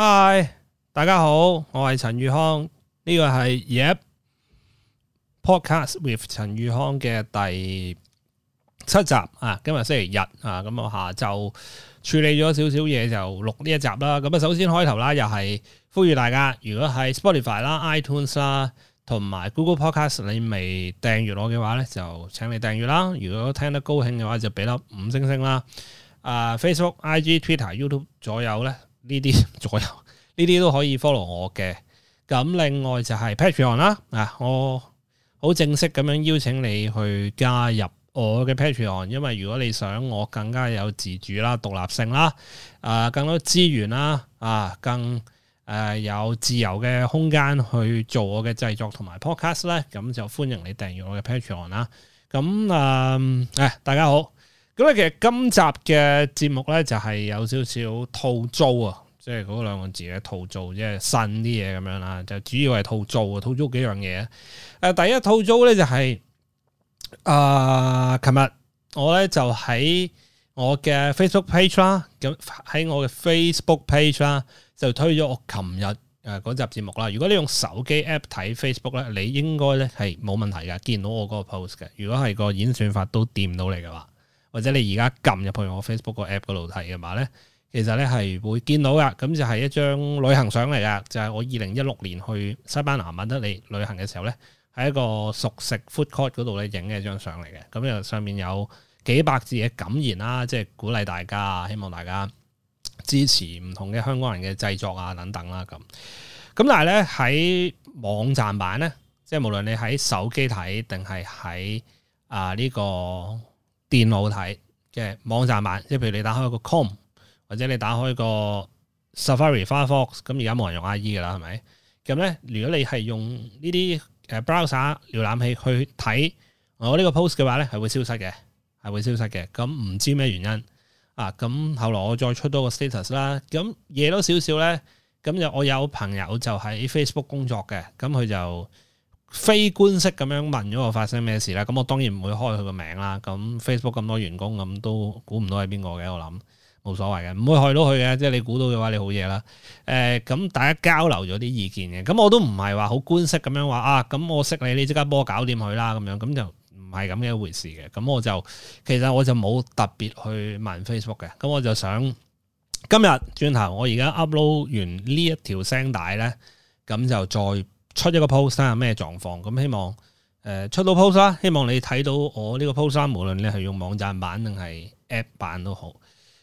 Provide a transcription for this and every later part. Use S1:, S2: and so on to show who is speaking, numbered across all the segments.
S1: Hi，大家好，我係陳宇康，呢個係 YEP Podcast with 陳宇康嘅第七集啊，今日星期日啊，咁我下晝處理咗少少嘢就錄呢一集啦。咁啊，首先開頭啦，又係呼籲大家，如果喺 Spotify 啦、iTunes 啦，同埋 Google Podcast 你未訂閱我嘅話咧，就請你訂閱啦。如果聽得高興嘅話，就俾粒五星星啦。啊，Facebook、IG、Twitter、YouTube 左右咧。呢啲左右，呢啲都可以 follow 我嘅。咁另外就係 Patreon 啦，啊，我好正式咁樣邀請你去加入我嘅 Patreon，因為如果你想我更加有自主啦、獨立性啦、啊更多資源啦、啊更誒、啊、有自由嘅空間去做我嘅製作同埋 podcast 咧，咁就歡迎你訂閱我嘅 Patreon 啦。咁啊誒、哎，大家好。咁咧，其實今集嘅節目咧就係、是、有少少套租啊～即係嗰兩個字嘅套做，即係新啲嘢咁樣啦，就主要係套租啊，套租幾樣嘢。誒、呃，第一套租咧就係、是，誒、呃，琴日我咧就喺我嘅 Facebook page 啦，咁喺我嘅 Facebook page 啦，就推咗我琴日誒嗰集節目啦。如果你用手機 app 睇 Facebook 咧，你應該咧係冇問題嘅，見到我嗰個 post 嘅。如果係個演算法都掂到你嘅話，或者你而家撳入去我 Facebook 個 app 嗰度睇嘅話咧。其實咧係會見到噶，咁就係一張旅行相嚟㗎。就係、是、我二零一六年去西班牙馬德里旅行嘅時候咧，喺一個熟食 food court 嗰度咧影嘅一張相嚟嘅。咁上面有幾百字嘅感言啦，即係鼓勵大家，希望大家支持唔同嘅香港人嘅製作啊，等等啦。咁咁但係咧喺網站版咧，即係無論你喺手機睇定係喺啊呢、這個電腦睇嘅網站版，即係譬如你打開個個 com。或者你打開個 Safari、Firefox，咁而家冇人用 IE 噶啦，係咪？咁咧，如果你係用呢啲誒 browser 瀏覽器去睇我呢個 post 嘅話咧，係會消失嘅，係會消失嘅。咁唔知咩原因啊。咁後來我再出多個 status 啦，咁夜多少少咧，咁就我有朋友就喺 Facebook 工作嘅，咁佢就非官式咁樣問咗我發生咩事啦。咁我當然唔會開佢個名啦。咁 Facebook 咁多員工咁都估唔到係邊個嘅，我諗。冇所謂嘅，唔會害到佢嘅，即係你估到嘅話你的，你好嘢啦。誒，咁大家交流咗啲意見嘅，咁我都唔係話好官式咁樣話啊，咁我識你，你即刻幫我搞掂佢啦，咁樣咁就唔係咁嘅一回事嘅。咁我就其實我就冇特別去問 Facebook 嘅，咁我就想今日轉頭，我而家 upload 完呢一條聲帶咧，咁就再出一個 post 睇咩狀況。咁、啊、希望誒、呃、出到 post 啦、啊，希望你睇到我呢個 post，啦、啊。無論你係用網站版定係 app 版都好。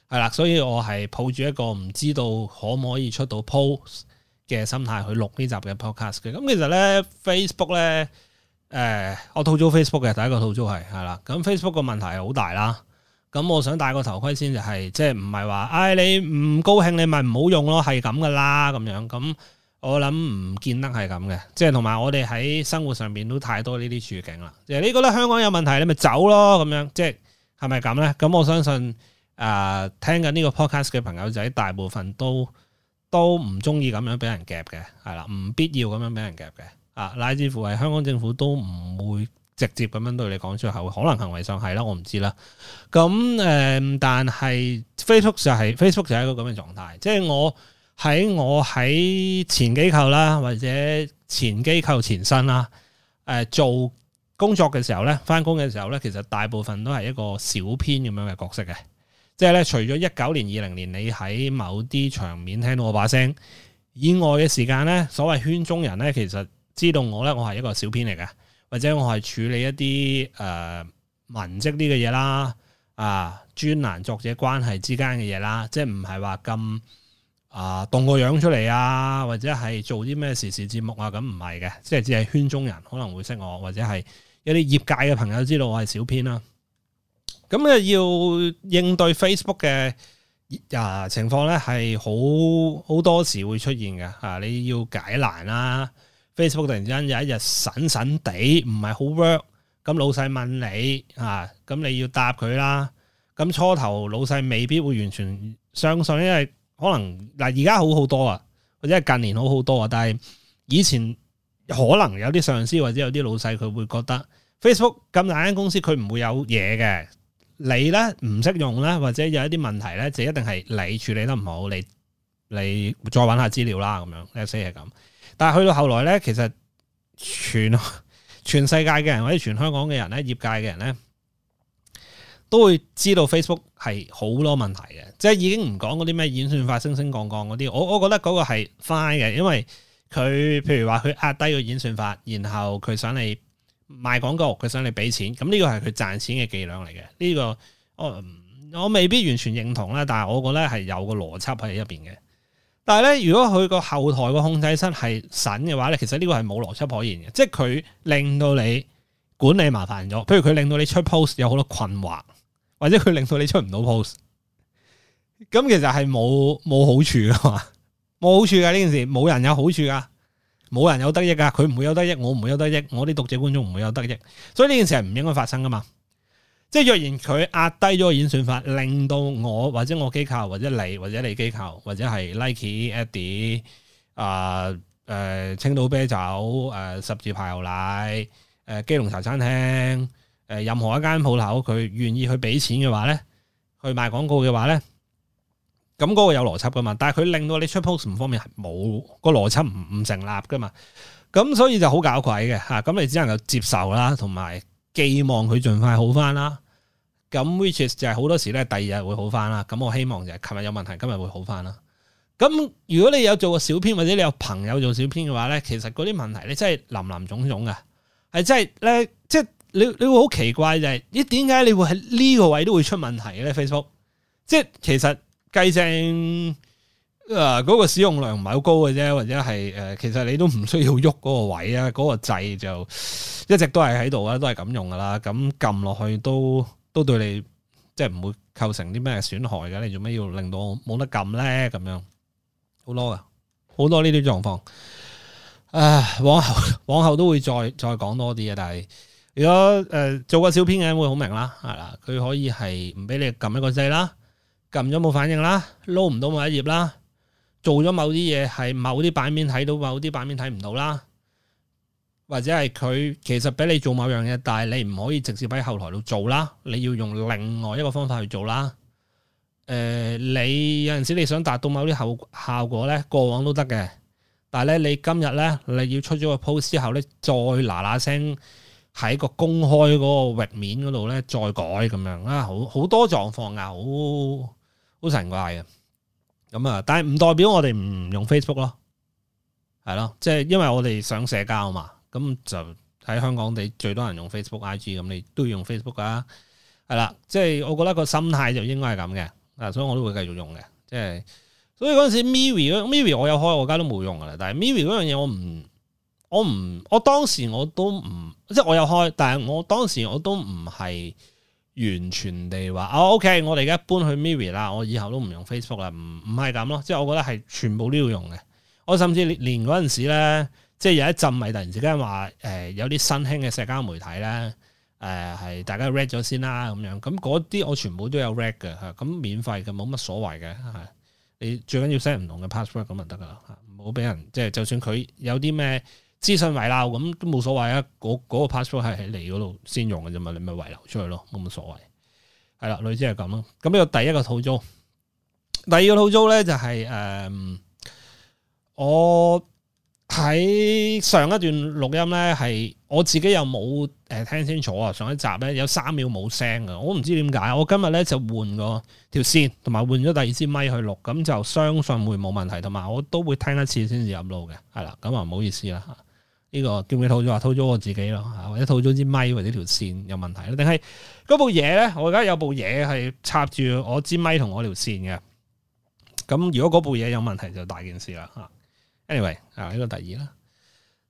S1: 係啦，所以我係抱住一個唔知道可唔可以出到 post 嘅心態去錄呢集嘅 podcast 嘅。咁其實咧，Facebook 咧，誒、呃，我吐槽 Facebook 嘅第一個吐槽係係啦，咁 Facebook 嘅問題係好大啦。咁我想戴個頭盔先、就是，就係即係唔係話，唉、哎，你唔高興你咪唔好用咯，係咁噶啦，咁樣咁我諗唔見得係咁嘅。即係同埋我哋喺生活上面都太多呢啲處境啦。即係你覺得香港有問題，你咪走咯，咁樣即係係咪咁咧？咁我相信。誒、啊，聽緊呢個 podcast 嘅朋友仔，大部分都都唔中意咁樣俾人夾嘅，係啦，唔必要咁樣俾人夾嘅。啊，乃至乎係香港政府都唔會直接咁樣對你講出口，可能行為上係啦，我唔知啦。咁、嗯、誒，但係、就是、Facebook 就係 Facebook 就係一個咁嘅狀態，即、就、係、是、我喺我喺前機構啦，或者前機構前身啦，誒、啊，做工作嘅時候咧，翻工嘅時候咧，其實大部分都係一個小編咁樣嘅角色嘅。即係咧，除咗一九年、二零年你喺某啲場面聽到我把聲以外嘅時間咧，所謂圈中人咧，其實知道我咧，我係一個小編嚟嘅，或者我係處理一啲誒、呃、文職啲嘅嘢啦，啊，專欄作者關係之間嘅嘢啦，即係唔係話咁啊，動個樣出嚟啊，或者係做啲咩時事節目啊，咁唔係嘅，即係只係圈中人可能會識我，或者係一啲業界嘅朋友知道我係小編啦。咁啊，要應對 Facebook 嘅啊情況咧，係好好多時會出現嘅嚇。你要解難啦，Facebook 突然之間有一日神神地唔係好 work，咁老細問你嚇，咁你要答佢啦。咁初頭老細未必會完全相信，因為可能嗱而家好好多啊，或者近年好好多啊，但係以前可能有啲上司或者有啲老細佢會覺得 Facebook 咁大間公司佢唔會有嘢嘅。你咧唔識用咧，或者有一啲問題咧，就一定係你處理得唔好。你你再搵下資料啦，咁樣，呢些係咁。但係去到後來咧，其實全全世界嘅人或者全香港嘅人咧，業界嘅人咧，都會知道 Facebook 係好多問題嘅。即係已經唔講嗰啲咩演算法升升降降嗰啲。我我覺得嗰個係 fine 嘅，因為佢譬如話佢壓低個演算法，然後佢想你。賣廣告，佢想你俾錢，咁呢個係佢賺錢嘅伎倆嚟嘅。呢、呢個我、哦、我未必完全認同啦，但係我覺得係有個邏輯喺入邊嘅。但係咧，如果佢個後台個控制室係神嘅話咧，其實呢個係冇邏輯可言嘅。即係佢令到你管理麻煩咗，譬如佢令到你出 post 有好多困惑，或者佢令到你出唔到 post，咁其實係冇冇好處噶嘛，冇好處㗎，呢件事，冇人有好處噶。冇人有得益噶，佢唔會有得益，我唔會有得益，我啲讀者觀眾唔會有得益，所以呢件事係唔應該發生噶嘛。即係若然佢壓低咗演算法，令到我或者我機構或者你或者你機構或者係 Nike、呃、Adi、呃、啊、誒青島啤酒誒、呃、十字牌牛奶誒、呃、基隆茶餐廳誒、呃、任何一間鋪頭，佢願意去俾錢嘅話咧，去賣廣告嘅話咧。咁嗰個有邏輯噶嘛？但係佢令到你出 post 唔方便係冇個邏輯，唔唔成立噶嘛？咁所以就好搞鬼嘅嚇。咁、啊、你只能夠接受啦，同埋寄望佢盡快好翻啦。咁 which is 就係好多時咧，第二日會好翻啦。咁我希望就係琴日有問題，今日會好翻啦。咁如果你有做過小編或者你有朋友做小編嘅話咧，其實嗰啲問題咧真係林林總總嘅，係真係咧，即係你你會好奇怪就係咦點解你會喺呢個位都會出問題嘅咧？Facebook 即係其實。計正誒，嗰、啊，那個使用量唔係好高嘅啫，或者係誒、呃，其實你都唔需要喐嗰個位啊，嗰、那個掣就一直都係喺度啊，都係咁用噶啦，咁撳落去都都對你即係唔會構成啲咩損害嘅，你做咩要令到冇得撳咧？咁樣好多，很多啊，好多呢啲狀況，唉，往後往後都會再再講多啲嘅，但係如果誒、呃、做個小編嘅會好明白啦，係啦，佢可以係唔俾你撳一個掣啦。撳咗冇反應啦，撈唔到某一頁啦，做咗某啲嘢係某啲版面睇到，某啲版面睇唔到啦，或者係佢其實俾你做某樣嘢，但係你唔可以直接喺後台度做啦，你要用另外一個方法去做啦。誒，你有陣時你想達到某啲效效果咧，過往都得嘅，但係咧你今日咧，你要出咗個 post 之後咧，再嗱嗱聲喺個公開嗰個域面嗰度咧再改咁樣啦，好好多狀況啊，好～好神怪嘅，咁啊！但係唔代表我哋唔用 Facebook 咯，係咯，即係因為我哋上社交嘛，咁就喺香港地最多人用 Facebook、IG，咁你都要用 Facebook 噶，係啦，即係我覺得個心態就應該係咁嘅，啊，所以我都會繼續用嘅，即係，所以嗰陣時 Miri 我有開，我家都冇用噶啦，但係 Miri 嗰樣嘢我唔，我唔，我當時我都唔，即係我有開，但係我當時我都唔係。完全地話哦，OK，我哋而家搬去 Miri 啦，我以後都唔用 Facebook 啦，唔唔係咁咯。即係我覺得係全部都要用嘅。我甚至連嗰陣時咧，即係有一陣咪突然之間話、呃、有啲新興嘅社交媒體咧，係、呃、大家 read 咗先啦咁樣。咁嗰啲我全部都有 read 嘅嚇，咁免費嘅冇乜所謂嘅嚇。你最緊要 send 唔同嘅 password 咁就得啦嚇，唔好俾人，即係就算佢有啲咩。資訊遺留咁都冇所謂啊！嗰、嗰個 password 係喺你嗰度先用嘅啫嘛，你咪遺留出去咯，冇乜所謂。係啦，類似係咁咯。咁呢個第一個套租，第二個套租咧就係、是、誒、呃，我喺上一段錄音咧係我自己又冇誒聽清楚啊！上一集咧有三秒冇聲嘅，我唔知點解。我今日咧就換個條線，同埋換咗第二支咪去錄，咁就相信會冇問題。同埋我都會聽一次先至入路嘅，係啦。咁啊，唔好意思啦呢、這個叫唔叫套咗？話套咗我自己咯，或者套咗支咪，或者條線有問題咧？定係嗰部嘢咧？我而家有部嘢係插住我支咪同我條線嘅。咁如果嗰部嘢有問題，就大件事啦吓。Anyway 啊，呢個第二啦。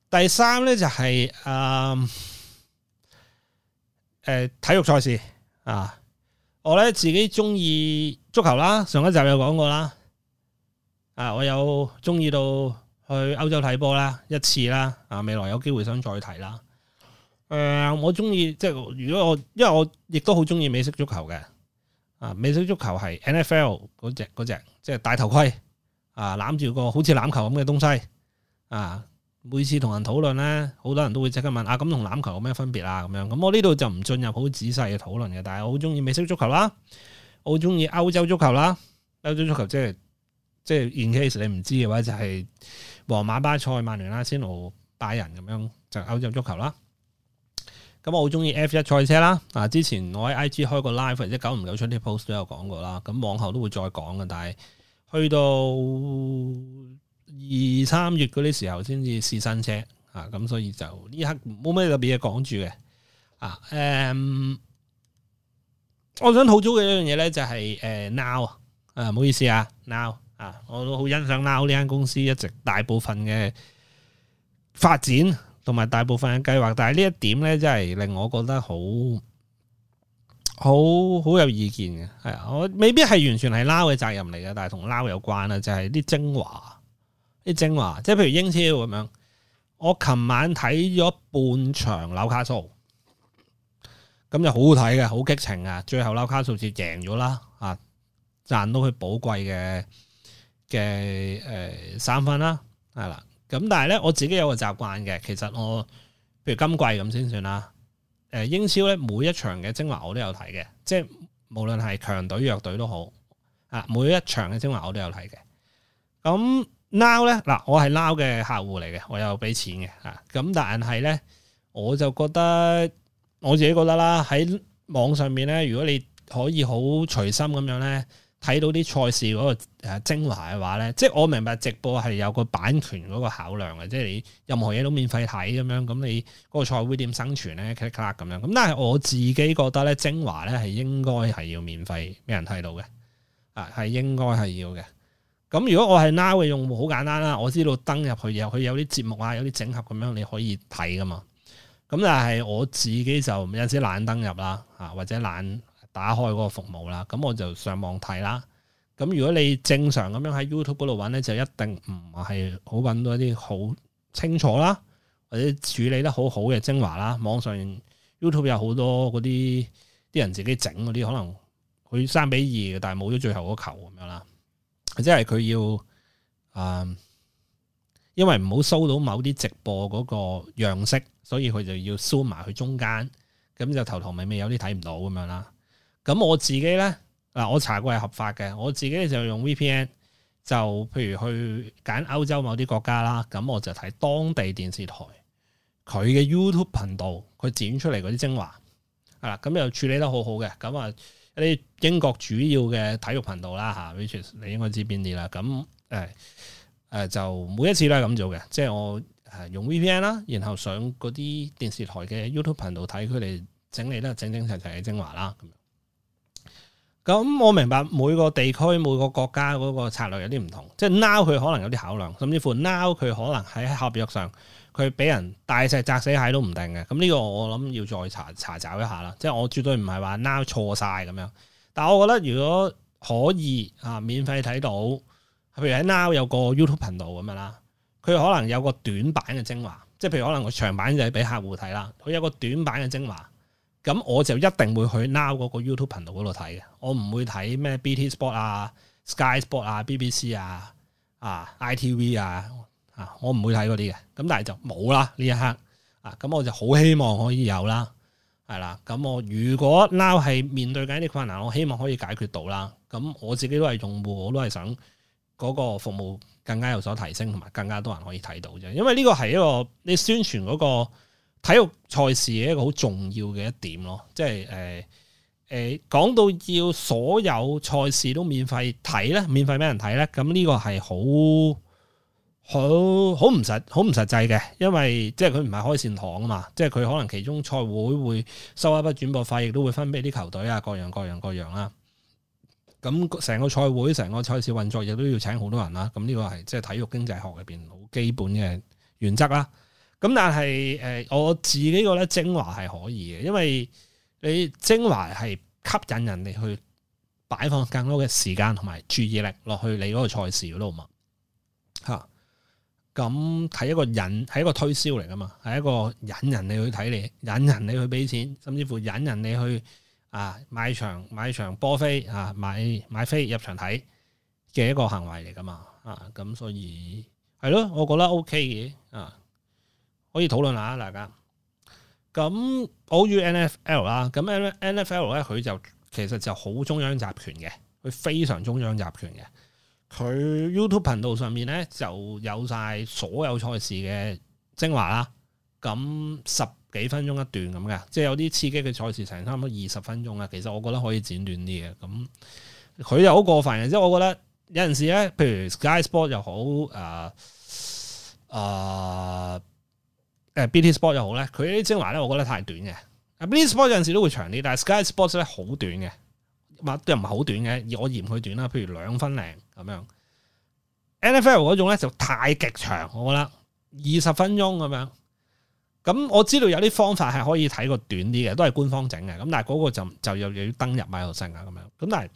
S1: 第三咧就係、是、誒、嗯呃，體育賽事啊，我咧自己中意足球啦，上一集有講過啦。啊，我有中意到。去歐洲睇波啦一次啦，啊，未來有機會想再睇啦。誒、呃，我中意即係如果我，因為我亦都好中意美式足球嘅。啊，美式足球係 NFL 嗰隻嗰隻，即係戴頭盔啊，攬住個好似欖球咁嘅東西啊。每次同人討論咧，好多人都會即刻問啊，咁同欖球有咩分別啊？咁樣，咁我呢度就唔進入好仔細嘅討論嘅，但係我好中意美式足球啦，我好中意歐洲足球啦。歐洲足球即係即係，in case 你唔知嘅話就係、是。皇馬、巴塞、曼聯、拉仙奴、拜仁，咁樣就歐洲足球啦。咁我好中意 F1 賽車啦。啊，之前我喺 IG 開個 live 或者久唔久出啲 post 都有講過啦。咁往後都會再講嘅，但係去到二三月嗰啲時候先至試新車啊。咁所以就呢刻冇咩特別嘢講住嘅。啊，誒、um,，我想好早嘅一樣嘢咧就係、是、誒 now 啊，唔好意思啊 now。啊！我都好欣賞 Now 呢間公司，一直大部分嘅發展同埋大部分嘅計劃，但係呢一點咧，真係令我覺得好好好有意見嘅。係啊，我未必係完全係 Now 嘅責任嚟嘅，但係同 Now 有關啊，就係、是、啲精華、啲精華，即係譬如英超咁樣。我琴晚睇咗半場紐卡素，咁就好好睇嘅，好激情啊！最後紐卡素就贏咗啦，啊，賺到佢寶貴嘅。嘅誒、呃，三分啦，係啦，咁但係咧，我自己有個習慣嘅，其實我，譬如今季咁先算啦，誒、呃，英超咧每一場嘅精華我都有睇嘅，即係無論係強隊弱隊都好啊，每一場嘅精華我都有睇嘅。咁 now 咧，嗱、啊，我係 now 嘅客戶嚟嘅，我有俾錢嘅啊，咁但係咧，我就覺得我自己覺得啦，喺網上面咧，如果你可以好隨心咁樣咧。睇到啲賽事嗰個誒精華嘅話咧，即係我明白直播係有個版權嗰個考量嘅，即係你任何嘢都免費睇咁樣，咁你個賽會點生存咧？咔啦咔啦咁樣，咁但係我自己覺得咧，精華咧係應該係要免費俾人睇到嘅，啊係應該係要嘅。咁如果我係 now 嘅用戶，好簡單啦，我知道登入去入去有啲節目啊，有啲整合咁樣你可以睇噶嘛。咁但係我自己就有時懶登入啦，啊或者懶。打開嗰個服務啦，咁我就上網睇啦。咁如果你正常咁樣喺 YouTube 嗰度揾，咧，就一定唔係好揾到一啲好清楚啦，或者處理得好好嘅精華啦。網上 YouTube 有好多嗰啲，啲人自己整嗰啲，可能佢三比二嘅，但係冇咗最後嗰球咁樣啦。即係佢要，嗯、呃，因為唔好收到某啲直播嗰個樣式，所以佢就要 zoom 埋去中間，咁就頭頭尾尾有啲睇唔到咁樣啦。咁我自己咧，嗱我查過係合法嘅。我自己就用 VPN，就譬如去揀歐洲某啲國家啦，咁我就睇當地電視台佢嘅 YouTube 頻道，佢剪出嚟嗰啲精華，係啦，咁又處理得好好嘅。咁啊，一啲英國主要嘅體育頻道啦吓 which 你應該知邊啲啦。咁、呃、就每一次都係咁做嘅，即係我用 VPN 啦，然後上嗰啲電視台嘅 YouTube 頻道睇佢哋整理得整整齊齊嘅精華啦。咁、嗯、我明白每個地區每個國家嗰個策略有啲唔同，即係 Now 佢可能有啲考量，甚至乎 Now 佢可能喺合約上佢俾人大石砸死蟹都唔定嘅。咁、嗯、呢、呢個我諗要再查查找一下啦。即係我絕對唔係話 Now 錯晒咁樣，但係我覺得如果可以啊免費睇到，譬如喺 Now 有個 YouTube 頻道咁樣啦，佢可能有個短版嘅精華，即係譬如可能個長版就係俾客戶睇啦，佢有個短版嘅精華。咁我就一定會去 now 嗰個 YouTube 頻道嗰度睇嘅，我唔會睇咩 BT Sport 啊、Sky Sport 啊、BBC 啊、啊 ITV 啊，啊我唔會睇嗰啲嘅。咁但係就冇啦呢一刻，啊咁我就好希望可以有啦，係啦。咁我如果 now 係面對緊啲困難，我希望可以解決到啦。咁我自己都係用戶，我都係想嗰個服務更加有所提升，同埋更加多人可以睇到啫。因為呢個係一個你宣傳嗰個體育賽事嘅一個好重要嘅一點咯，即係誒誒講到要所有賽事都免費睇咧，免費俾人睇咧，咁呢個係好好好唔實好唔實際嘅，因為即係佢唔係開善堂啊嘛，即係佢可能其中賽會會收一筆轉播費，亦都會分俾啲球隊啊，各樣各樣各樣啦、啊。咁成個賽會、成個賽事運作，亦都要請好多人啦、啊。咁呢個係即係體育經濟學入邊好基本嘅原則啦、啊。咁但係誒、呃，我自己覺得精華係可以嘅，因為你精華係吸引人哋去擺放更多嘅時間同埋注意力落去你嗰個賽事嗰度嘛吓。咁睇、啊、一個引係一個推銷嚟噶嘛，係一個引人你去睇你，引人你去俾錢，甚至乎引人你去啊買場買場波飛啊買買飛入場睇嘅一個行為嚟噶嘛啊咁所以係咯，我覺得 OK 嘅啊。可以討論下大家。咁 a 我 u NFL 啦，咁 NFL 咧佢就其實就好中央集權嘅，佢非常中央集權嘅。佢 YouTube 頻道上面咧就有晒所有賽事嘅精華啦。咁十幾分鐘一段咁嘅，即係有啲刺激嘅賽事，成差唔多二十分鐘啊。其實我覺得可以剪短啲嘅。咁佢又好過分嘅，即係我覺得有陣時咧，譬如 Sky Sport 又好，誒、呃、誒。呃誒 BT Sport 又好咧，佢啲精華咧，我覺得太短嘅。BT Sport 有陣時都會長啲，但係 Sky Sports 咧好短嘅，唔又唔係好短嘅，而我嫌佢短啦，譬如兩分零咁樣。NFL 嗰種咧就太極長，我覺得二十分鐘咁樣。咁我知道有啲方法係可以睇個短啲嘅，都係官方整嘅。咁但係嗰個就就又要登入馬好勝啊咁樣。咁但係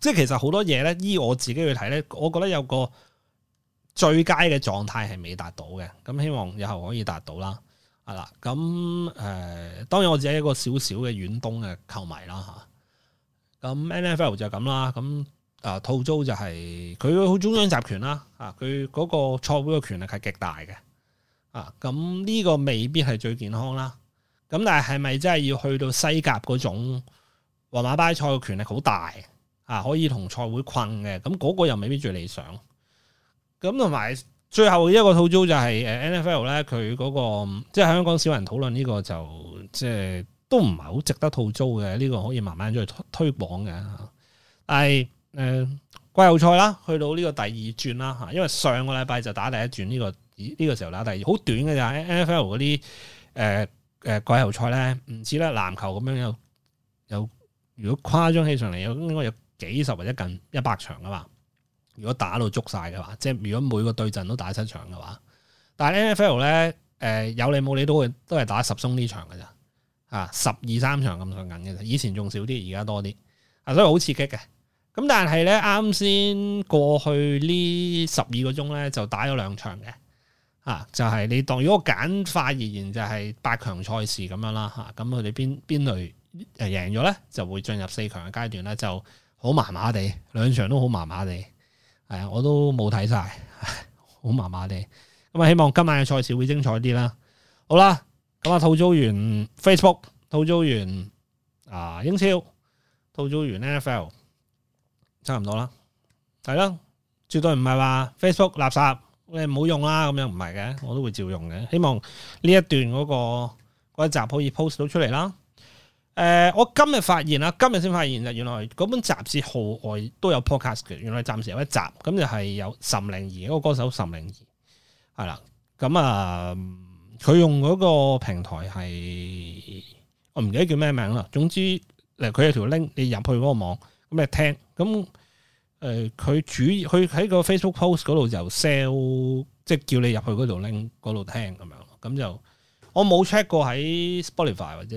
S1: 即係其實好多嘢咧，依我自己去睇咧，我覺得有個。最佳嘅狀態係未達到嘅，咁希望以後可以達到啦。係、啊、啦，咁誒、呃、當然我自己係一個少少嘅遠東嘅球迷啦嚇。咁 NFL 就咁啦，咁啊套租就係、係、佢好中央集權啦，啊佢嗰個賽會嘅權力係極大嘅。啊咁呢個未必係最健康啦。咁、啊、但係係咪真係要去到西甲嗰種？皇馬巴塞嘅權力好大，啊可以同賽會困嘅，咁嗰個又未必最理想。咁同埋最後一個套租就係 NFL 咧，佢嗰、嗰個即係香港少人討論呢個就，就即係都唔係好值得套租嘅，呢、呢個可以慢慢再推推廣嘅。但係誒、呃、季後賽啦，去到呢個第二轉啦，因為上個禮拜就打第一轉呢、呢個，呢、呢個時候打第二。好短嘅咋 NFL 嗰啲誒誒季後賽咧，唔似咧籃球咁樣有有，如果誇張起上嚟有應該有幾十或者近一百場㗎嘛。如果打到捉晒嘅話，即係如果每個對陣都打七場嘅話，但係 NFL 咧，誒有理冇理都會都係打十宗呢場嘅咋。啊十二三場咁上緊嘅，以前仲少啲，而家多啲，啊所以好刺激嘅。咁但係咧，啱先過去這呢十二個鐘咧就打咗兩場嘅，啊就係、是、你當如果簡化而言就係八強賽事咁樣啦嚇，咁佢哋邊邊隊誒贏咗咧，就會進入四強嘅階段咧，就好麻麻地，兩場都好麻麻地。係啊，我都冇睇晒，好麻麻地。咁啊，希望今晚嘅賽事會精彩啲啦。好啦，咁啊，套租完 Facebook，套租完啊英超，套租完 NFL，差唔多啦。係啦，絕對唔係話 Facebook 垃圾，你唔好用啦。咁樣唔係嘅，我都會照用嘅。希望呢一段嗰、嗰個嗰一集可以 post 到出嚟啦。誒、呃，我今日發現啦，今日先發現啦，原來嗰本雜誌號外都有 podcast 嘅，原來暫時有一集，咁就係有岑寧兒嗰、嗰個歌手岑寧兒，係啦，咁、嗯、啊，佢用嗰個平台係我唔記得叫咩名啦，總之嗱，佢有條 link，你入去嗰個網咁你聽，咁誒，佢、呃、主佢喺個 Facebook post 嗰度就 sell，即係叫你入去嗰條 link 嗰度聽咁樣，咁就我冇 check 過喺 Spotify 或者。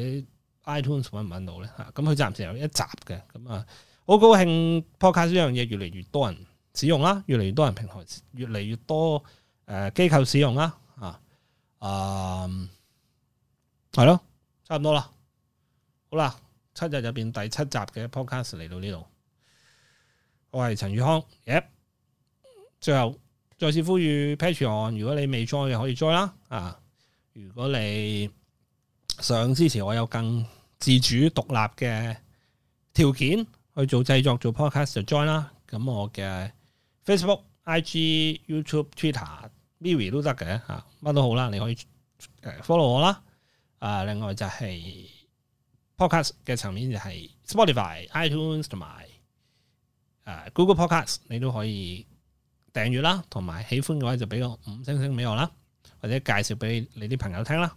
S1: iTunes 揾唔揾到咧嚇，咁佢暫時有一集嘅，咁啊好高興 Podcast 呢樣嘢越嚟越多人使用啦，越嚟越多人平台，越嚟越多誒機構使用啦，啊，係咯，差唔多啦，好啦，七日入邊第七集嘅 Podcast 嚟到呢度，我係陳宇康，Yep，最後再次呼籲 Patreon，如果你未 join 嘅可以 join 啦，啊，如果你想支持我有更。自主獨立嘅條件去做製作做 podcast 就 join 啦。咁我嘅 Facebook、IG、啊、YouTube、Twitter、Mirror 都得嘅吓，乜都好啦。你可以 follow 我啦。啊，另外就係 podcast 嘅層面就係 Spotify、iTunes 同埋誒 Google Podcast，你都可以訂閱啦。同埋喜歡嘅話就俾個五星星俾我啦，或者介紹俾你啲朋友聽啦。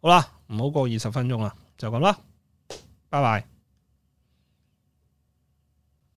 S1: 好啦，唔好過二十分鐘啦，就咁啦。拜拜。